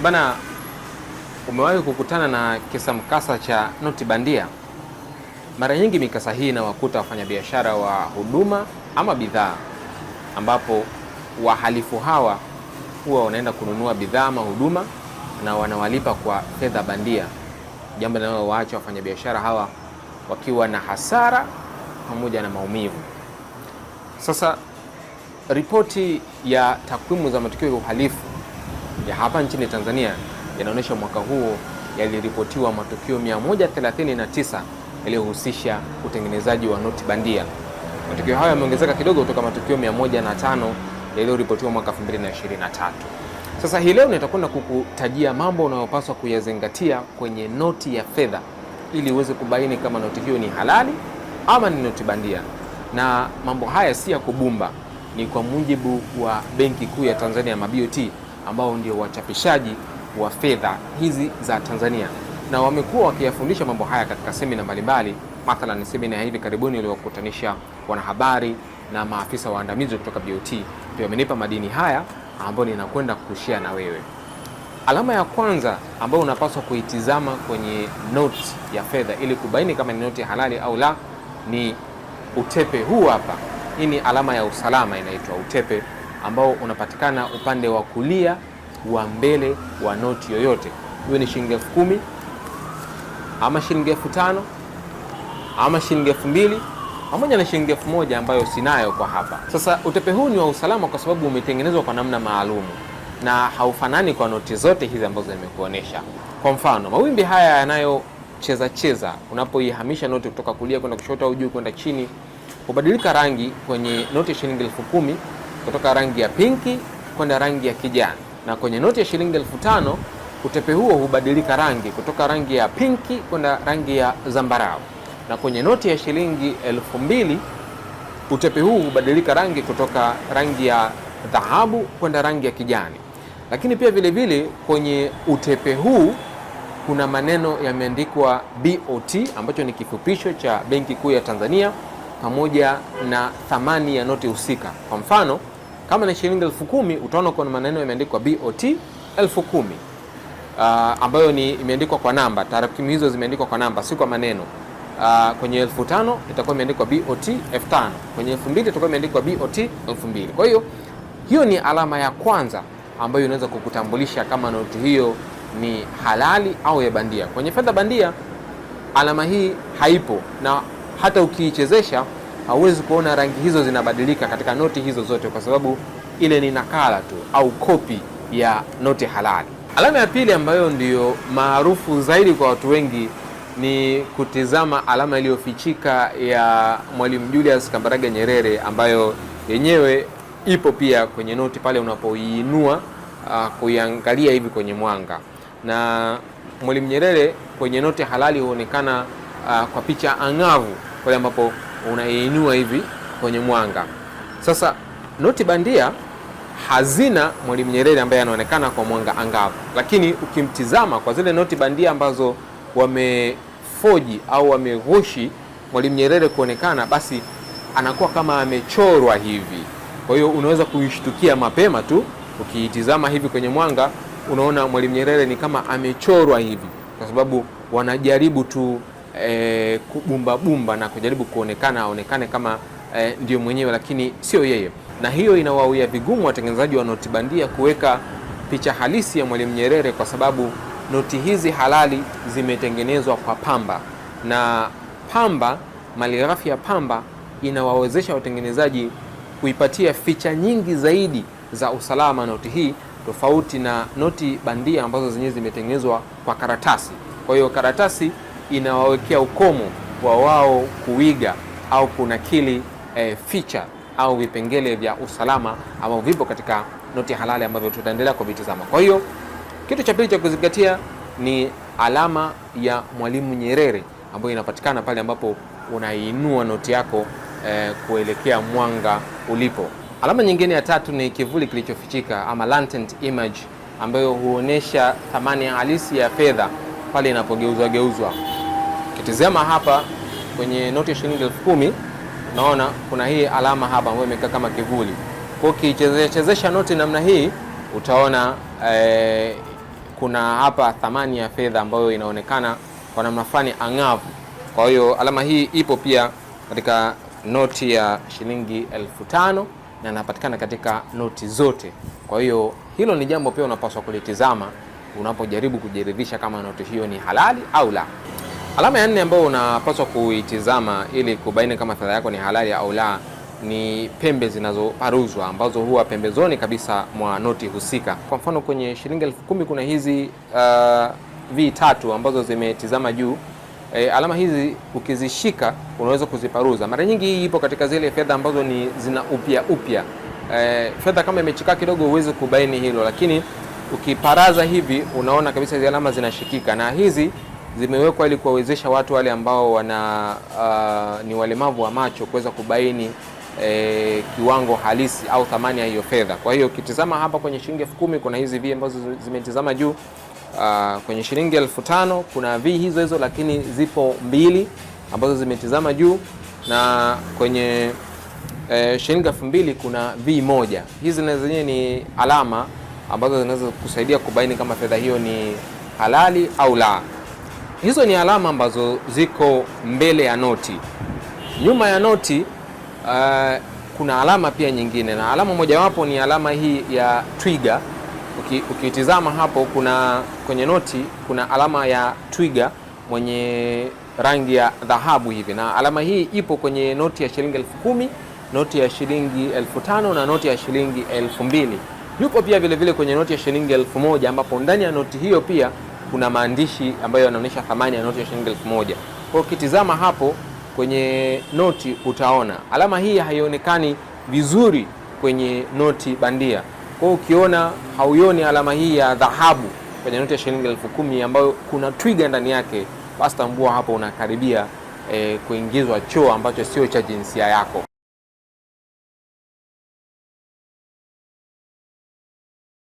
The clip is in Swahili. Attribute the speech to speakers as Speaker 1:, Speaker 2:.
Speaker 1: Eh, bana, umewahi kukutana na kisa mkasa cha noti bandia? Mara nyingi mikasa hii inawakuta wafanyabiashara wa huduma ama bidhaa, ambapo wahalifu hawa huwa wanaenda kununua bidhaa ama huduma na wanawalipa kwa fedha bandia, jambo linalowaacha wafanyabiashara hawa wakiwa na hasara pamoja na maumivu. Sasa ripoti ya takwimu za matukio ya uhalifu ya hapa nchini Tanzania yanaonyesha mwaka huo yaliripotiwa matukio 139 yaliyohusisha utengenezaji wa noti bandia. Matukio hayo yameongezeka kidogo kutoka matukio 105 yaliyoripotiwa mwaka 2023. Sasa hii leo nitakwenda kukutajia mambo unayopaswa kuyazingatia kwenye noti ya fedha ili uweze kubaini kama noti hiyo ni halali ama ni noti bandia. Na mambo haya si ya kubumba, ni kwa mujibu wa Benki Kuu ya Tanzania, MABOT ambao ndio wachapishaji wa fedha hizi za Tanzania, na wamekuwa wakiyafundisha mambo haya katika semina mbalimbali, mathalan semina ya hivi karibuni iliyokutanisha wanahabari na maafisa waandamizi kutoka BOT, pia wamenipa madini haya ambayo ninakwenda kushare na wewe. Alama ya kwanza ambayo unapaswa kuitizama kwenye noti ya fedha ili kubaini kama ni noti halali au la ni utepe huu hapa. Hii ni alama ya usalama inaitwa utepe ambao unapatikana upande wa kulia wa mbele wa noti yoyote, iwe ni shilingi elfu kumi ama shilingi elfu tano ama shilingi elfu mbili pamoja na shilingi elfu moja ambayo sinayo kwa hapa. Sasa utepe huu ni wa usalama kwa sababu umetengenezwa kwa namna maalumu na haufanani kwa noti zote hizi ambazo nimekuonesha. Kwa mfano, mawimbi haya yanayocheza cheza unapoihamisha noti kutoka kulia kwenda kushoto au juu kwenda chini hubadilika rangi kwenye noti ya shilingi elfu kumi kutoka rangi ya pinki kwenda rangi ya kijani, na kwenye noti ya shilingi elfu tano utepe huo hubadilika rangi kutoka rangi ya pinki kwenda rangi ya zambarau, na kwenye noti ya shilingi elfu mbili utepe huu hubadilika rangi kutoka rangi ya dhahabu kwenda rangi ya kijani. Lakini pia vile vile kwenye utepe huu kuna maneno yameandikwa BOT ambacho ni kifupisho cha Benki Kuu ya Tanzania pamoja na thamani ya noti husika. Kwa mfano kama ni shilingi elfu kumi utaona kuna maneno yameandikwa BOT elfu kumi uh, ambayo ni imeandikwa kwa namba. Tarakimu hizo zimeandikwa kwa namba, si kwa maneno. Uh, kwenye elfu tano itakuwa imeandikwa BOT elfu tano kwenye elfu mbili itakuwa imeandikwa BOT elfu mbili Kwa hiyo hiyo ni alama ya kwanza ambayo inaweza kukutambulisha kama noti hiyo ni halali au ya bandia. Kwenye fedha bandia alama hii haipo, na hata ukiichezesha hauwezi kuona rangi hizo zinabadilika katika noti hizo zote, kwa sababu ile ni nakala tu au kopi ya noti halali. Alama ya pili ambayo ndiyo maarufu zaidi kwa watu wengi ni kutizama alama iliyofichika ya Mwalimu Julius Kambarage Nyerere ambayo yenyewe ipo pia kwenye noti pale unapoiinua ah, kuiangalia hivi kwenye mwanga. Na Mwalimu Nyerere kwenye noti halali huonekana ah, kwa picha ang'avu pale ambapo unaiinua hivi kwenye mwanga. Sasa noti bandia hazina Mwalimu Nyerere ambaye anaonekana kwa mwanga angavu, lakini ukimtizama kwa zile noti bandia ambazo wamefoji au wameghushi Mwalimu Nyerere kuonekana, basi anakuwa kama amechorwa hivi. Kwa hiyo unaweza kuishtukia mapema tu, ukiitizama hivi kwenye mwanga, unaona Mwalimu Nyerere ni kama amechorwa hivi, kwa sababu wanajaribu tu e, eh, kubumbabumba na kujaribu kuonekana aonekane kama e, ndio mwenyewe, lakini sio yeye, na hiyo inawawia vigumu watengenezaji wa noti bandia kuweka picha halisi ya Mwalimu Nyerere kwa sababu noti hizi halali zimetengenezwa kwa pamba, na pamba, malighafi ya pamba inawawezesha watengenezaji kuipatia ficha nyingi zaidi za usalama noti hii, tofauti na noti bandia ambazo zenyewe zimetengenezwa kwa karatasi. Kwa hiyo karatasi inawawekea ukomo wa wao kuiga au kunakili e, ficha au vipengele vya usalama ambavyo vipo katika noti halali ambavyo tutaendelea kuvitizama. Kwa hiyo kitu cha pili cha kuzingatia ni alama ya Mwalimu Nyerere ambayo inapatikana pale ambapo unainua noti yako e, kuelekea mwanga ulipo. Alama nyingine ya tatu ni kivuli kilichofichika ama latent image ambayo huonesha thamani halisi ya fedha pale inapogeuzwa geuzwa. Ukitizama hapa kwenye noti ya shilingi elfu kumi naona kuna hii alama hapa ambayo imekaa kama kivuli. Kwa ukichezeshachezesha noti namna hii utaona e, kuna hapa thamani ya fedha ambayo inaonekana kwa namna fulani ang'avu. Kwa hiyo alama hii ipo pia katika noti ya shilingi elfu tano na inapatikana katika noti zote. Kwa hiyo hilo ni jambo pia unapaswa kulitizama unapojaribu kujiridhisha kama noti hiyo ni halali au la. Alama ya nne ambayo unapaswa kuitizama ili kubaini kama fedha yako ni halali au la ni pembe zinazoparuzwa ambazo huwa pembezoni kabisa mwa noti husika. Kwa mfano kwenye shilingi elfu kumi kuna hizi uh, V tatu ambazo zimetizama juu. E, alama hizi ukizishika unaweza kuziparuza. Mara nyingi hii ipo katika zile fedha ambazo ni zina upya upya. E, fedha kama imechika kidogo huwezi kubaini hilo, lakini ukiparaza hivi unaona kabisa hizi alama zinashikika na hizi zimewekwa ili kuwawezesha watu wale ambao wana uh, ni walemavu wa macho kuweza kubaini E, kiwango halisi au thamani ya hiyo fedha. Kwa hiyo ukitizama hapa kwenye shilingi elfu kumi kuna hizi vi ambazo zimetizama juu. Uh, kwenye shilingi elfu tano kuna vi hizo hizo, lakini zipo mbili ambazo zimetizama juu, na kwenye e, shilingi elfu mbili kuna vi moja. Hizi na zenyewe ni alama ambazo zinaweza kusaidia kubaini kama fedha hiyo ni halali au la. Hizo ni alama ambazo ziko mbele ya noti. Nyuma ya noti uh, kuna alama pia nyingine, na alama mojawapo ni alama hii ya twiga. ukitizama hapo, kuna kwenye noti kuna alama ya twiga mwenye rangi ya dhahabu hivi, na alama hii ipo kwenye noti ya shilingi elfu kumi, noti ya shilingi elfu tano na noti ya shilingi elfu mbili. Yupo pia vilevile vile kwenye noti ya shilingi elfu moja ambapo ndani ya noti hiyo pia kuna maandishi ambayo yanaonyesha thamani ya noti ya shilingi elfu moja. Kwa hiyo ukitizama hapo kwenye noti utaona alama hii haionekani vizuri kwenye noti bandia. Kwa hiyo ukiona, hauioni alama hii ya dhahabu kwenye noti ya shilingi elfu kumi ambayo kuna twiga ndani yake, basi tambua hapo unakaribia eh, kuingizwa choo ambacho sio cha jinsia yako.